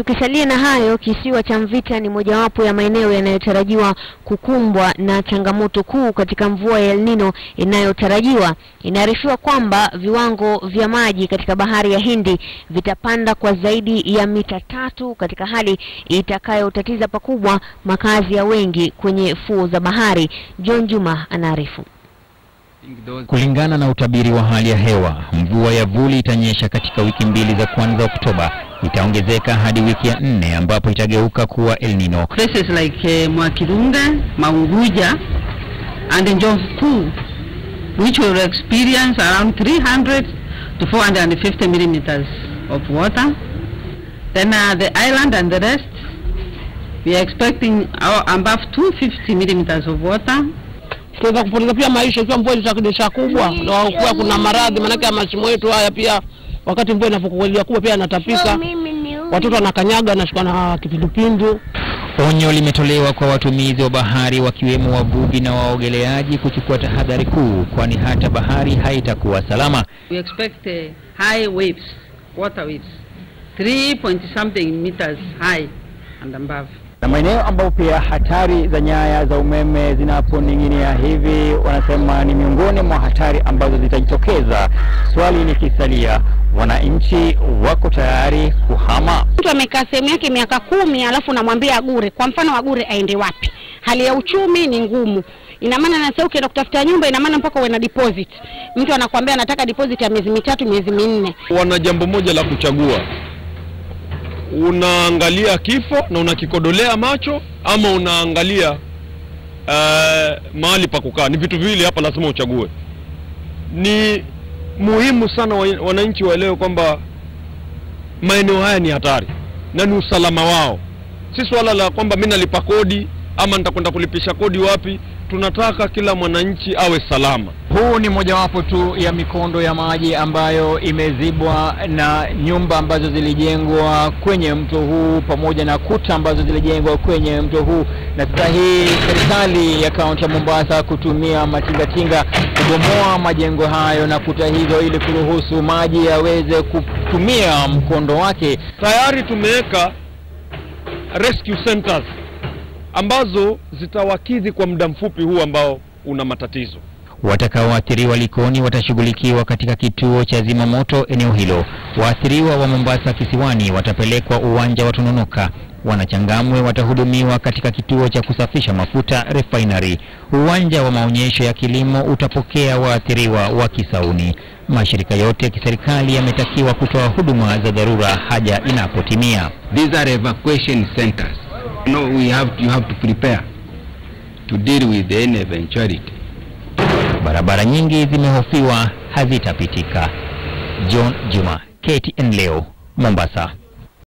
Tukisalia na hayo, kisiwa cha Mvita ni mojawapo ya maeneo yanayotarajiwa kukumbwa na changamoto kuu katika mvua ya El Nino inayotarajiwa. Inaarifiwa kwamba viwango vya maji katika bahari ya Hindi vitapanda kwa zaidi ya mita tatu katika hali itakayotatiza pakubwa makazi ya wengi kwenye fuo za bahari. John Juma anaarifu. Kulingana na utabiri wa hali ya hewa, mvua ya vuli itanyesha katika wiki mbili za kwanza Oktoba itaongezeka hadi wiki ya nne ambapo itageuka kuwa El Nino. Places like uh, eh, Mwakirunga, Maunguja and Njovu Kuu which will experience around 300 to 450 millimeters of water. Then uh, the island and the rest we are expecting uh, above 250 millimeters of water. Tunaweza kupoteza pia maisha ikiwa mvua itakunyesha kubwa na kuwa kuna maradhi, maanake ya mashimo yetu haya pia wakati mvua inapokuwa kubwa pia yanatapika watoto wanakanyaga wanashikwa na kipindupindu. Onyo limetolewa kwa watumizi wa bahari wakiwemo wavuvi na waogeleaji kuchukua tahadhari kuu, kwani hata bahari haitakuwa salama. We expect eh, high waves, water waves 3 point something meters high and above na maeneo ambayo pia hatari za nyaya za umeme zinaponing'inia hivi, wanasema ni miongoni mwa hatari ambazo zitajitokeza. Swali ni kisalia wananchi wako tayari kuhama. Mtu amekaa sehemu yake miaka kumi alafu namwambia agure, kwa mfano agure aende wapi? Hali ya uchumi ni ngumu, ina maana sasa ukienda kutafuta nyumba, ina maana mpaka uwe na deposit. Mtu anakuambia anataka deposit ya miezi mitatu, miezi minne. Wana jambo moja la kuchagua, unaangalia kifo na unakikodolea macho ama unaangalia uh, mahali pa kukaa. Ni vitu viwili hapa, lazima uchague ni muhimu sana wananchi waelewe kwamba maeneo haya ni hatari na ni usalama wao, si swala la kwamba mi nalipa kodi ama nitakwenda kulipisha kodi wapi. Tunataka kila mwananchi awe salama. Huu ni mojawapo tu ya mikondo ya maji ambayo imezibwa na nyumba ambazo zilijengwa kwenye mto huu pamoja na kuta ambazo zilijengwa kwenye mto huu, na sasa hii serikali ya kaunti ya Mombasa kutumia matingatinga kubomoa majengo hayo na kuta hizo ili kuruhusu maji yaweze kutumia mkondo wake. Tayari tumeweka rescue centers ambazo zitawakidhi kwa muda mfupi huu ambao una matatizo. Watakaoathiriwa Likoni watashughulikiwa katika kituo cha zimamoto eneo hilo. Waathiriwa wa Mombasa Kisiwani watapelekwa uwanja wa Tononoka. Wanachangamwe watahudumiwa katika kituo cha kusafisha mafuta refinery. Uwanja wa maonyesho ya kilimo utapokea waathiriwa wa Kisauni. Mashirika yote ya kiserikali yametakiwa kutoa huduma za dharura haja inapotimia. These are evacuation centers. we have, you have to prepare to deal with any eventuality. Barabara nyingi zimehofiwa hazitapitika. John Juma, KTN Leo, Mombasa.